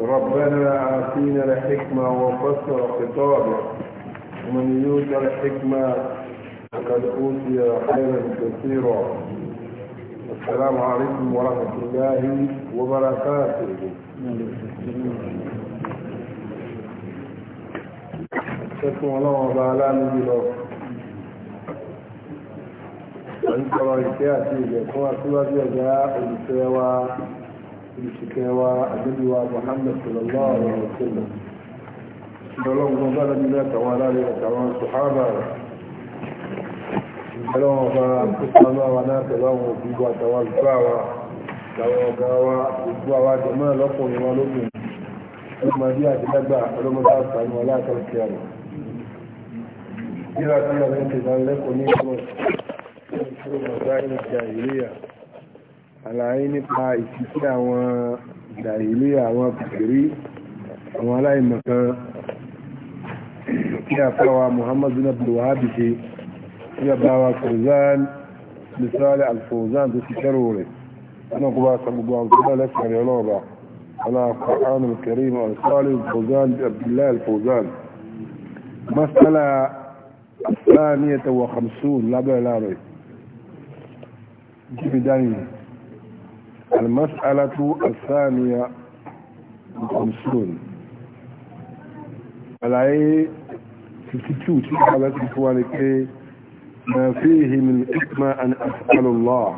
ربنا آتينا الحكمة وفسر خطابه ومن يؤت الحكمة فقد أوتي خيرا كثيرا السلام عليكم ورحمة الله وبركاته شكرا الله وبعلا نبي أنت رأيتي أتيجي كما سواجه جاء السيوات ìṣìkẹwà àjẹ́bíwà Muhammad sallallahu alaihi wa sallam ìdọ́lọ́gbọ́n bá lábí látàwọn aláàrẹ àtàwọn sọ̀hábà rẹ̀ ìdọ́lọ́wọ́n bá kúsàmáwà látàwọn òbí wa àtàwọn olùfáwà àtàwọn ọ̀gá wa gbogbo àwa jẹ̀mọ́ lọ́kùnrin wa lóbìn ọlọ́mọdé àdílágbà ọlọ́mọdé àtàwọn aláàkọ̀ọ́kẹ́ rẹ̀ Ìjọba tí a rẹ̀ ń tẹ̀lé lẹ́kọ̀ọ́ ní ìgbọ̀n, ìṣòro màgbá ìjà ìléyà àlàyé nípa ìsìnkú àwọn ìdàrílé àwọn kìkìrí àwọn aláìmọ̀kan kí a fáwa muhammadu na buhari ṣe kí a báwa fauzan misali alfauzan tó ti kẹrò rẹ̀ ana kuma san gbogbo àwọn kúrò lẹ́sẹ̀rẹ̀ ọlọ́ọ̀bá ala ƙar'an al-karim al-sali al-fauzan وخمسون لا بلا رأي المسألة الثانية الخمسون على 52 على إخوانك ما فيه من حكمة أن أسأل الله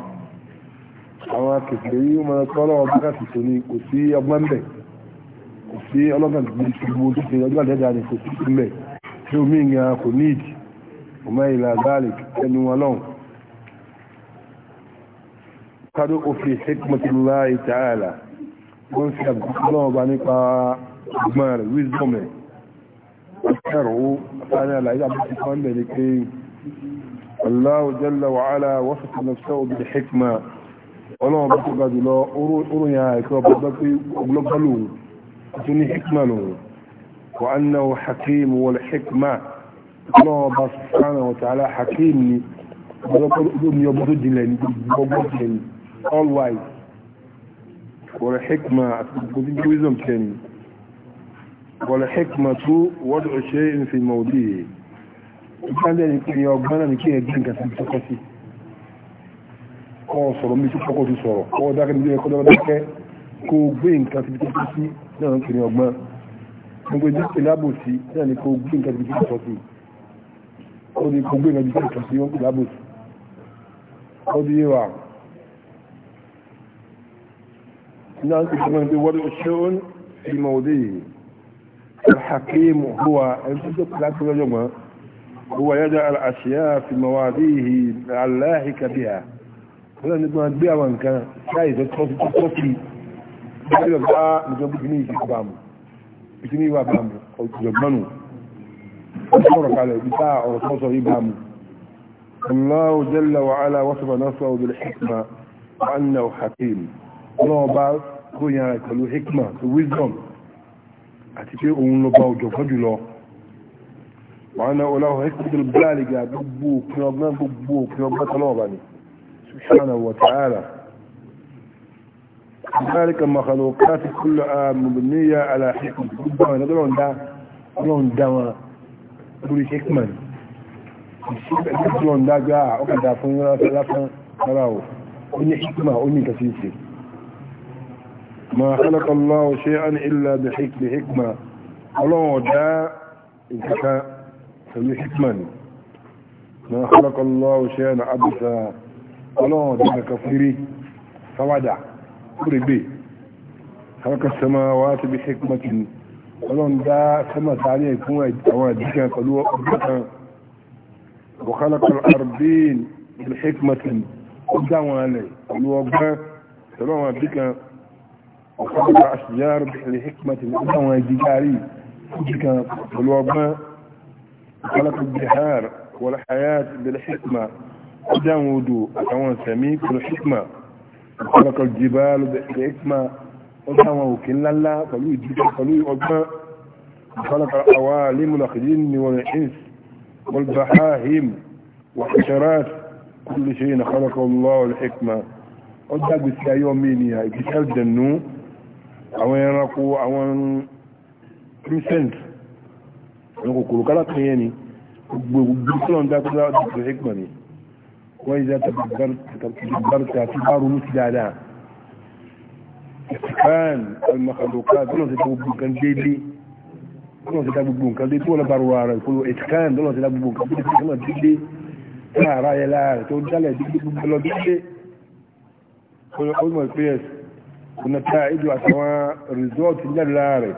àwọn akẹ̀kẹ̀rí wọn tọ́lọ́ ọgbọ́n ti tò ní kò sí ọgbọ́n bẹ̀ kò sí ọlọ́gbọ́n ti gbé gbogbo tó ṣe ọjọ́ àdẹ́dà ni kò sí sílẹ̀ tí omi ìgbà kò ní ìdí ọmọ ìlà garlic ẹnu wọn lọ́hùn قرؤوا في حكمة الله تعالى wọ́n fi àgbọ́nà ọba nípa ọgbọ́n rẹ̀ wisdom rẹ̀ ẹ̀rọ sáré àlàyé àbúkú kan bẹ̀rẹ̀ pé aláwọ̀ jẹ́lẹ̀ wàhálà wọ́sùtù lọ́sọ́ òbí hikma ọlọ́wọ́n bá tó ga jùlọ oróyìn àìkọ́ ọba bá pé ọgbọ́gbọ́ lòun tó ní all wise wal hikma wisdom kẹni wal hikma tó wọ́dọ̀ ṣe ń fi mọ̀ òbí yìí ìpínlẹ̀ ní kí ọgbọ́n náà ní kí ẹgbẹ́ nǹkan sí tọ́kọ́ sí kọ́ sọ̀rọ̀ mi tó tọ́kọ́ sí sọ̀rọ̀ kọ́ dákẹ́ ní ẹkọ́ dákẹ́ kó gbé nǹkan sí tọ́kọ́ sí náà ní kí ọgbọ́n gbogbo ìdí ìlábòsí náà ní kó gbé nǹkan sí tọ́kọ́ sí ó ní kó gbé nǹkan sí tọ́kọ́ sí ó ní ìlábòsí ó ní yé wa نعم كمان بيوري الشؤون في موضعه الحكيم هو هو يجعل الأشياء في مواضعه اللاهك بها ولا نبغى بها وان كان شايف تخصي في أشكرك على بتاع أو الله جل وعلا وصف نفسه بالحكمة وأنه حكيم الله kó yára pẹ̀lú hikma to wisdom àti pé òun lọ bá ọ̀jọ̀gbọ́n jùlọ wọ́n náà ọláwọ̀ hikmatul bláàlìgà gbogbo òpin ọgbọ́n gbogbo òpin ọgbọ́n tọ́lọ́wọ̀ bá ní subhanahu wa ta'ala ذلك مخلوقات كل مبنية على حكمة ربما ندرون دا ندرون دا ندرون حكمة ندرون دا جاء ما خلق الله شيئا إلا بحكمة الله جاء إنك حكما ما خلق الله شيئا عبسا الله جاء كفيري كوري بي خلق السماوات بحكمة الله جاء سمى عليه كما أوادك قلوة أبتا وخلق الأرضين بحكمة قدام عليه قلوة أبتا سلام عليكم وقطع أشجار لحكمة الأمة الجاري فجك بالوباء وخلق البحار والحياة بالحكمة قدام ودو أتوان سميك بالحكمة وخلق الجبال بالحكمة قدام وكل الله فلو يجيك فلو يؤمن خلق العوالم الأخجين والإنس والبهائم والحشرات كل شيء خلقه الله الحكمة قدام بسيا يومين يا بسيا الجنون àwọn ẹranko àwọn christians àwọn kòkòrò kálàkùn yẹn ni gbogbo ìṣọ́nà dákúdá dr hickman ni wọ́n yíza tàbíbárta tí bá ronú sí dáadáa ìsìkán alìmọ̀kàlùkà tó lọ́n ti ta gbogbo nǹkan déédé tó lọ́n ti ta gbogbo nǹkan déédé tó wọ́n bára wà rẹ̀ ìpolówó ìsìkán tó lọ́n ti ta gbogbo nǹkan déédé tó lọ́n déédé láàárá yẹ láàárẹ̀ tó dálẹ̀ déédé gbogbo ونتائج وأسواء ريزوت جلاري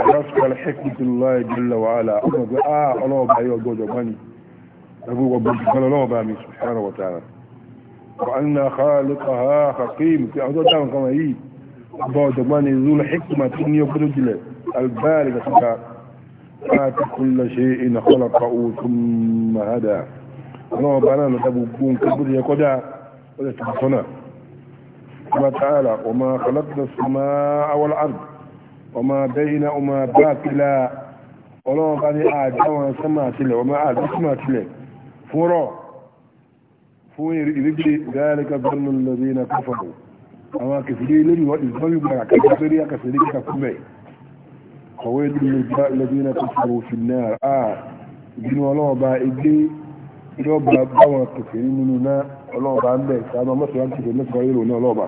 رفق الحكمة الله جل وعلا أمد آه الله بأيوه جوجة بني أبو ربك قال الله بأمي سبحانه وتعالى وأن خالقها حكيم في أعضاء دام كما هي أبو دماني ذو الحكمة تنيو كدجلة البالغة سكا فات كل شيء خلقه ثم هدى الله بأنا نتبقون كبير يقدا ولا تبصنا قال تعالى وما خلقنا السماء والأرض وما بينهما وما باطلا ọlọ́wọ́n bá ní àjáwọn sánmà sílẹ̀ wọ́n máa àjá sánmà sílẹ̀ fún rọ̀ fún ìrìgbì gáyàríkà gbọ́nà lọ́dí na kọfàrò àwọn akẹfìdí lórí wọ́n ìgbọ́n gbàrà kẹfà lórí akẹfìdí kíkà fún mẹ́ kọ̀wé lọ́dí na kọfàrò fún náà ìbínú ọlọ́wọ́n bá ẹgbẹ́ ìdọ́gba báwọn kẹfìdí nínú náà ọlọ́ọ̀bá ń bẹ̀ sábà mọ́sàn-án ti fẹ́ mẹ́sàn-án yìí lónìí ọlọ́ọ̀bá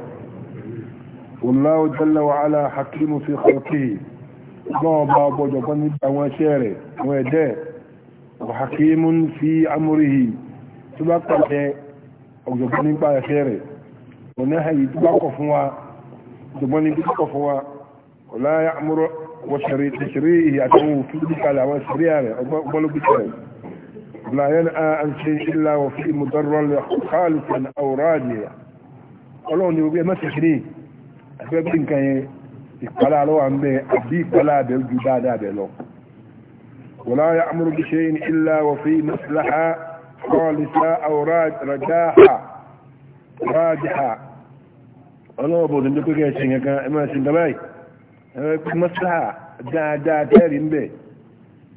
Allahu jalla wa ala hakimu fi khalqihi ọlọ́ọ̀bá ọgbọ́jọ̀gbọ́n níbi àwọn iṣẹ́ rẹ̀ àwọn ẹ̀dẹ́ wa hakimun fi amrihi tó bá pàṣẹ ọgbọ̀gbọ́n nípa iṣẹ́ rẹ̀ ọ̀nà ẹ̀yí tó bá kọ̀ fún wa ọgbọ̀gbọ́n níbi tó kọ̀ fún wa ọ̀lá ya'muru wa لا ينأى عن شيء إلا وفي مضر خالصا أو راجيا ọlọ́run ni orí ẹ mẹ́sì kìí ẹgbẹ́ bí nǹkan yẹn ìpàlá lọ́wọ́ ń bẹ àbí ìpàlá bẹ ju dáadáa bẹ lọ wala ya'muru bi shay'in illa wa fi maslaha khalisa aw rajaha rajaha ọlọ́wọ́ bọ̀ ní pé kẹ́ ṣe nǹkan ẹ máa ṣe nǹkan báyìí ẹ máa ṣe maslaha dáadáa tẹ́rì ń bẹ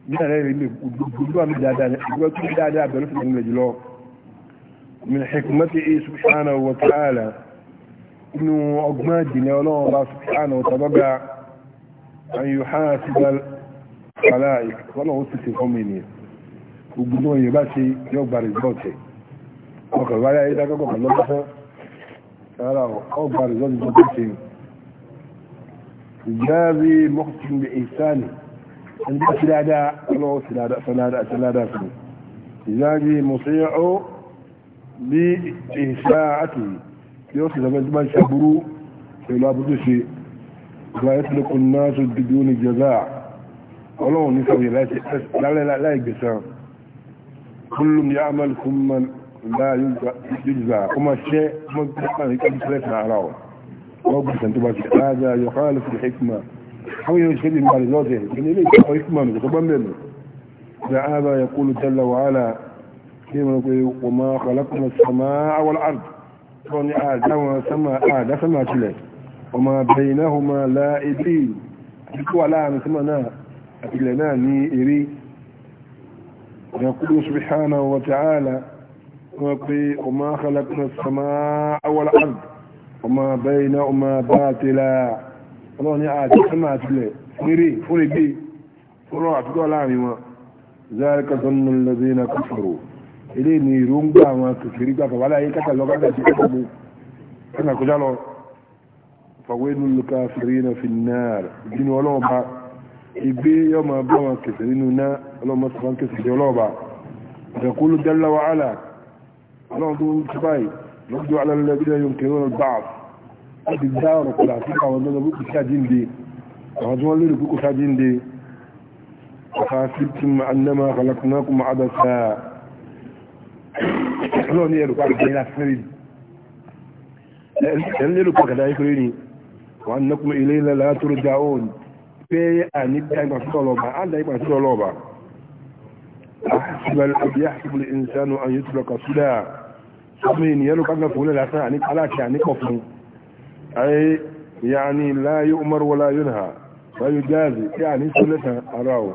ní àrẹ rẹ̀ lè gbogbo àmì dáadáa ní ìgbẹ́ tó dáadáa bẹ̀rẹ̀ fún ìgbẹ̀ jùlọ min hikmati subhanahu wa ta'ala inú ọgbọ́n jìnlẹ̀ ọlọ́run bá subhanahu wa ta'ala an yóò há sí bá kàláì ọlọ́run sì ti fọ́mù ènìyàn gbogbo náà yẹ bá ṣe yóò gbà rìsọ́ọ̀tì ọkọ̀ wáyé ayédákọ́kọ̀ kan lọ́gbọ́n fún sára ọgbà rìsọ́ọ̀tì tó mọ́kùnrin ìsáni ẹni bá sí dáadáa ọlọ́wọ́ sí dáadáa fún ìzáàgì mùsíọ́ bí ìṣá àti yóò sì zama bá ṣe burú pẹ̀lú abúrú ṣe ìgbà ìfẹ́lẹ́kùn náà tó dìdú ní jẹ́zá ọlọ́wọ́ ní sọ̀rọ̀ láì gbẹ̀sán kullum ya amal kuma láàyè jùzà kuma ṣe mọ́ bí i kan ní kan fẹ́ẹ̀sì àárọ̀ wọ́n gbẹ̀sán tó bá ṣe àwọn èèyàn ìṣẹ́lẹ̀ ń balẹ̀ lọ́dẹ̀ ní ilé ìkọ́ ìkúmọ̀ nìkan tó bá ń bẹ̀rẹ̀ da ana ya kulu jalla wa ala ke mana ko wa ma khalaqna as-samaa wal ard to ni a da wa sama a da sama tile wa ma bainahuma la'ibin ko ala ni sama na a tile na ni iri ya kulu subhanahu wa ta'ala wa qi wa ma khalaqna as-samaa wal ard wa ma bainahuma batila ọlọ́run ní àti sẹ́mà àtìlẹ̀ fúnrẹ́ fúnrẹ́gbé fúnrọ́ àtúgbọ́ láàrin wọn záàríkà sọ́nà lọ́dún náà kọfàrò ilé ní ìróngbà àwọn kèfèrí gbàgbà wà láyé kẹta lọ́gbà tẹ̀sí kẹta mú kẹta kọjá lọ fàwé nù lùkà fèrè náà fi náà ìdínú ọlọ́ọ̀ba ìgbé yọmọ bá wọn kèfèrí nù náà ọlọ́mọ sọ fún kèfèrí ọlọ́ọ̀ba ìdàkúlù dẹ́lá wàhálà ọlọ́run tó ń tibáyì lọ́jọ́ alẹ́ lẹ́bí láti dá ọ̀rọ̀ padà sí àwọn ọ̀dọ́ lọ́gbọ́n kò ṣáàjíǹde àwọn tí wọ́n lérò pé kò ṣáàjíǹde ọ̀fà síptì annama khalaqnakum adasa ọlọ́run ní ẹ̀rù pàdé ẹ̀rà fẹ́rẹ̀ ẹ̀rù lérò pàkàdá ìfẹ́rẹ́ ni wọ́n annakum ilayna la turja'un pé àní dá ìgbà sí ọlọ́ba á dá ìgbà sí ọlọ́ba أحسب يحسب الإنسان أن يترك سدى ثم ينيل كان فولا لسان عنك على كعنك وفوق أي يعني لا يؤمر ولا ينهى لا يجازي يعني سلسة أراه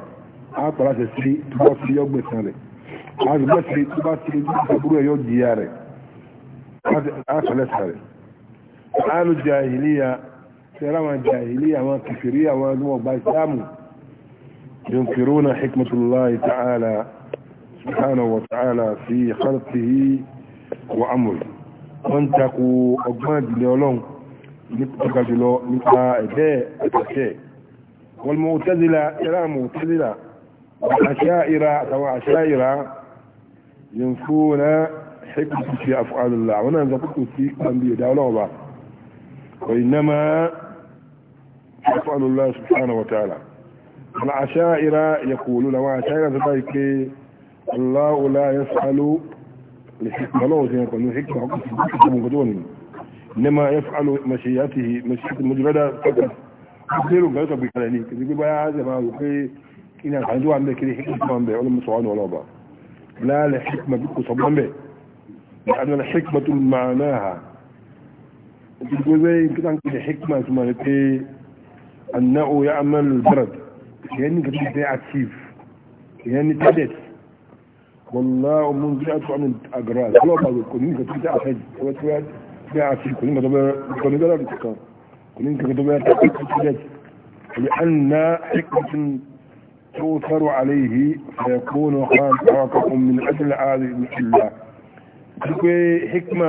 أطلع تسري تبصي يوم بسنة أزبسري تبصي تبرو يوم دياري أطلع تسري قالوا الجاهلية سلام الجاهلية ما كفرية ما دموا ينكرون حكمة الله تعالى سبحانه وتعالى في خلقه وأمره وانتقوا أجمال اليوم nípa jùlọ nípa ẹ̀bẹ́ ẹ̀tẹ̀ṣẹ́ wọn حكمة في أفعال الله وانا ذكرت في أنبياء دعوة الله وإنما أفعال الله سبحانه وتعالى العشائر يقولون وعشائر ذلك الله لا يسأل لحكمة الله سيكون حكمة حكمة حكمة إنما يفعل مشيئته مشيئة المجردة فقط خير غير بكلاني كذلك بقى زي ما يقول كنا الحمدوا عم بكري حكمة عم بيقول مصعان ولا بقى لا لحكمة بكو صبان بي لأن الحكمة معناها تقول زي كده عندك حكمة ثم إيه أنه يعمل البرد يعني كده زي عتيف يعني تدت والله منزعة عن الأجراس لا بقى يكون كده عشان bí a ti kò ní gbọ́dọ̀ kan kò ní gbọ́dọ̀ bẹ́ẹ̀ tó kọ́ sí dẹ́tì لأن حكمة توثر عليه فيكون خالقكم من أجل هذه الحلة تكوي حكمة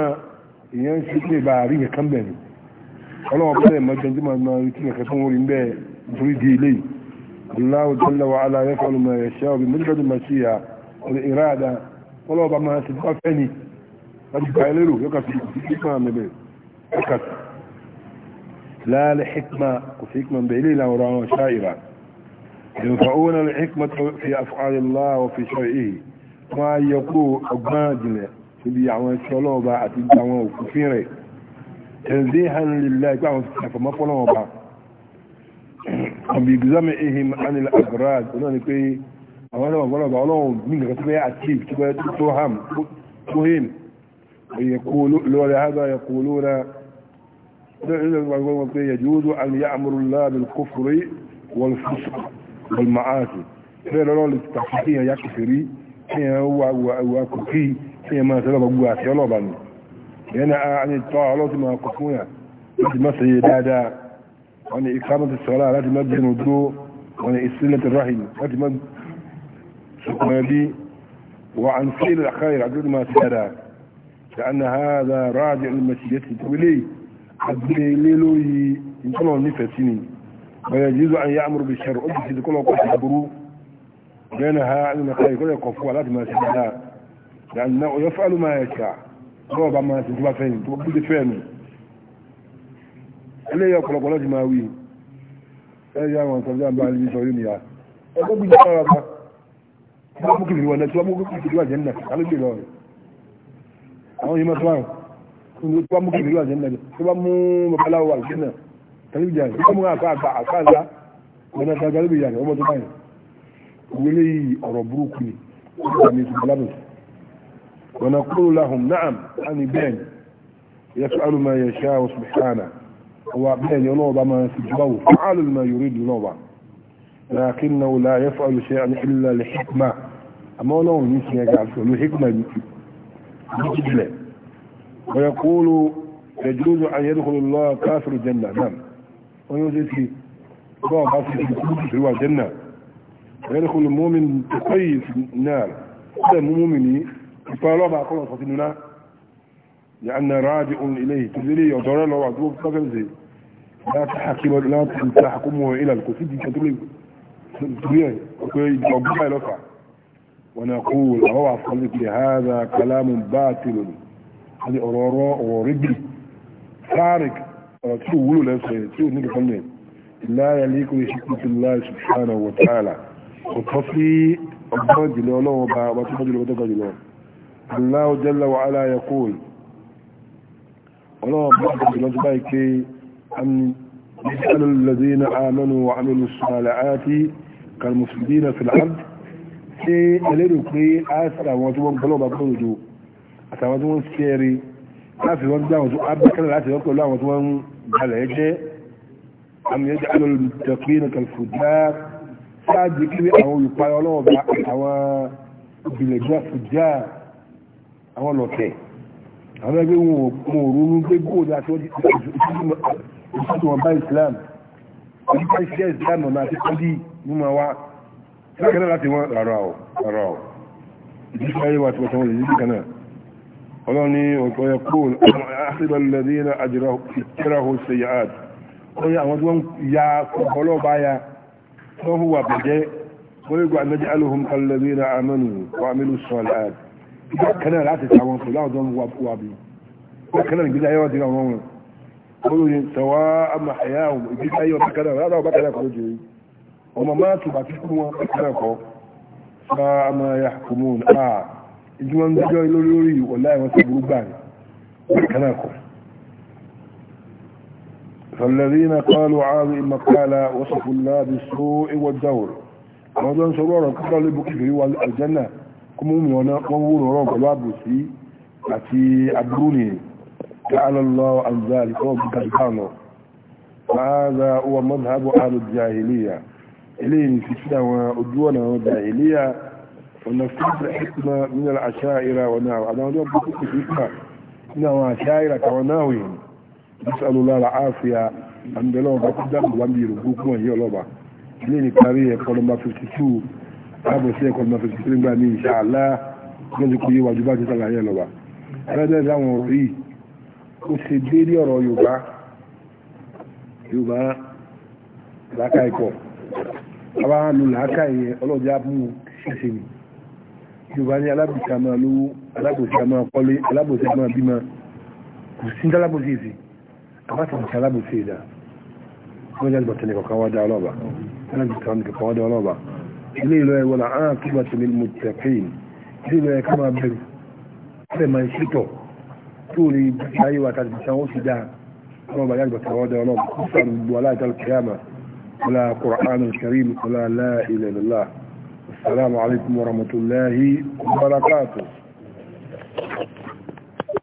ينسي باريه كم بني ọlọ́wọ́ bẹ́ẹ̀ mọ́jọ́jú ma ma rí tí nìkan tó ń rí ń bẹ́ẹ̀ torí di ilé aláwọ̀ jẹ́lẹ̀ wà aláyẹ́fẹ́ olùmọ̀ ẹ̀ṣẹ́ ọ̀bí mọ́jọ́jú ma ṣíyà olè ọlọ́wọ́ bá máa ti bá fẹ́ ni قد قايلوا يقف في حكمة مبين يقف لا لحكمة وفي حكمة بعلي لا وراء شائرا ينفعون الحكمة في أفعال الله وفي شرعه ما يقول أبناجل في يعوان شلوه باعت يعوان وكفيره تنزيها لله يقول فما فلوه باع وبيجزمئهم عن الأبراد ولن يقول أولا ما فلوه باع لهم من غتبه أتيب تبقى تبقى تبقى يقولون هذا يقولون يجوز أن يأمر الله بالكفر والفسق والمعاصي bẹ́ẹ̀ lọ́rọ̀ lè tàbí kí èèyàn yákùfèrí kí èèyàn wà kò kí kí èèyàn máa tẹ́lọ́bà gbogbo àti ọlọ́ọ̀bà ni yẹ́nà àni tọ́ ọlọ́tí máa kọ̀ fún yà láti má sẹ́yẹ dáadáa wọ́n ni ìkámọ́ ti sọ́lá láti má jẹun dúró wọ́n ni ìsílẹ̀ ti ráhìn láti má sọ̀kọ̀ ẹbí wọ́n à ń sí ilẹ̀ àkáyẹ̀ àdúrà máa ti dáadáa كأن هذا راجع لمشيئته التولي أدري ليلوي إن كانوا نفسني ويجوز أن يأمر بالشر أجلس لكل وقت عبرو لأنها عن المخير كل يقف ولا ما سبحانه لأنه يفعل ما يشاء ربما ما تبقى فين تبقى بده فين ilé ọ̀pọ̀lọpọ̀ ọ̀pọ̀lọpọ̀ ti máa wí ẹ̀yà àwọn ìsọ̀rọ̀ àbá ilé ìsọ̀rọ̀ yìí nìyà ẹgbẹ́ gbígbà sára bá wọ́n mú kìlì wọn lẹ́tí wọ́n mú kìlì wọn jẹ́ nà alóògbé lọ rẹ̀ àwọn yìí máa tó àrùn tó bá mú kí ìlú àjẹ́ nàbẹ̀ tó bá mú babaláwo wà lókè náà tàbí jà tó bá mú àká àgbà àká àlá lọ́nà tó gálíbì yà ọmọ tó báyìí wílé yìí ọ̀rọ̀ burúkú ni ó bá mi tó balábò wọn kúrò láhùn náàm àní bẹ́ẹ̀ ni yẹ tó àlù máa yẹ ṣá o subhana wa bẹ́ẹ̀ ni ọlọ́wọ́ bá máa fi jùbáwò fún àlù máa yorí dùn náà wà lakin náà la yẹ fọ́ àlù ṣe àní ìlà lè hikma àmọ́ ọlọ́wọ́ ní ti yẹ gà àlù hikma yìí جدلا ويقول يجوز أن يدخل الله كافر الجنة نعم ويوزيتي الله عاصي في الواء الجنة ويدخل المؤمن تقي في النار هذا المؤمن فالله ما أقول أصفتنا لأن راجع إليه تدري يضر له وعدوه بكفر زي لا تحكم لا تحكمه إلى الكفر دي كتولي تدري وكي يجب أن يلقى ونقول هو صليت هذا كلام باطل هذه أورورو وربي فارق شو ولو لسه شو نيجي فنين لا يليق بشكل الله سبحانه وتعالى وتصلي أبوج لولو وبتبج لبتبج لولو الله جل وعلا يقول ولو بعض الأجبائك أن يسأل الذين آمنوا وعملوا الصالحات كالمفسدين في الأرض ṣé ẹlẹ́rù pé a sàwọn tí wọ́n gbọ́lọ́ba gbọ́lọ́dọ̀ àtàwọn tí wọ́n ṣẹ́ẹ̀rí láti wọ́n gbá àwọn tó abẹ́kẹ́lẹ̀ láti wọ́n pẹ̀lú àwọn tí wọ́n ń balẹ̀ ẹjẹ́ alọ́lùdọ̀kí ní ní wọn wá lákẹ́lẹ́ láti wọ́n rárá ọ̀ rárá ọ̀ ìdíṣẹ́ ayé wa ti wọ́n lè yíká náà ọlọ́ni ọ̀tọ́ yẹ kó àṣìbẹ̀lẹ̀dí iná àjírahù ṣe yà áàdì ó yẹ àwọn tí wọ́n ya ọlọ́ọ̀bá ya tó hùwà bẹ̀jẹ́ wọ́n lè gba ànájẹ́ alùhùn kàlẹ́dí iná àmọ́nù wà mílù sọ̀lá áàdì ìgbà kanáà láti sàwọn pẹ̀lú àwọn tó ń wà wà bí wọ́n kanáà nígbà ayé wa ti ràn wọ́n wọn olóyin sọ̀wá àmà àyà ìgbà ayé wa ọmọ máa tó bàtí fún wọn lẹ́kọ̀ọ́ fa ma ya kùmùn a ìdí wọn jẹ́ lórí orí wọ̀lá ìwọ̀n tó burú gbà ní lẹ́kọ̀ọ́ فالذين قالوا عاضي المقالة وصفوا الله بالسوء والدور رمضان سرورا كفر لبكفر والجنة كمهم ونور ورغب الوابسي أتي أبروني تعالى الله عن ذلك رب هذا هو مذهب أهل الجاهلية eléyìí ti fi àwọn ojú ọ̀nà àwọn ọ̀dà ìléyà ọ̀nà fúnfún ẹ̀kúnmá nínú àṣà ìra ọ̀nà àwọn ọjọ́ gbogbo kò sí kà nínú àwọn àṣà ìra tàwọn náà wò yìí bisalula la afiya àmbẹ̀lọ́ ọba tó dáàbò wà ń bí yorùbá kúmọ̀ yìí ọlọ́ba eléyìí ni parí ẹ̀kọ́ nọmba fifty two ààbọ̀ sí ẹ̀kọ́ nọmba fifty three gbà ní insha Allah wọ́n ti kú yé wájú bá ti sàlàyé ọlọ́ba ẹlẹ́dẹ̀ láwọn ọ̀rọ̀ yìí ó ṣe déédéé ọ̀rọ̀ yorùbá yorùbá làákà ẹ̀kọ́ àwọn lòlákà ìyẹn ọlọ́jà mú ṣẹ̀ṣẹ̀ mi yorùbá ní alábòsí àmà lówó alábòsí àmà kọ́lé alábòsí àmà bímọ kò sí ní alábòsí èsì àbátàbòsí alábòsí èdà wọ́n jẹ́ ìbọ̀tẹ̀ ní kọ̀kan wájá ọlọ́ba alábòsí ní kọ̀kan wájá ọlọ́ba ilé ìlọ ẹ̀wọ̀n náà á kí bàtẹ̀ ní mo tẹ̀ pẹ́yìn ilé ìlọ ẹ̀ká máa bẹ̀rù ẹ̀ máa ولا قرآن الكريم ولا لا إله إلا الله السلام عليكم ورحمة الله وبركاته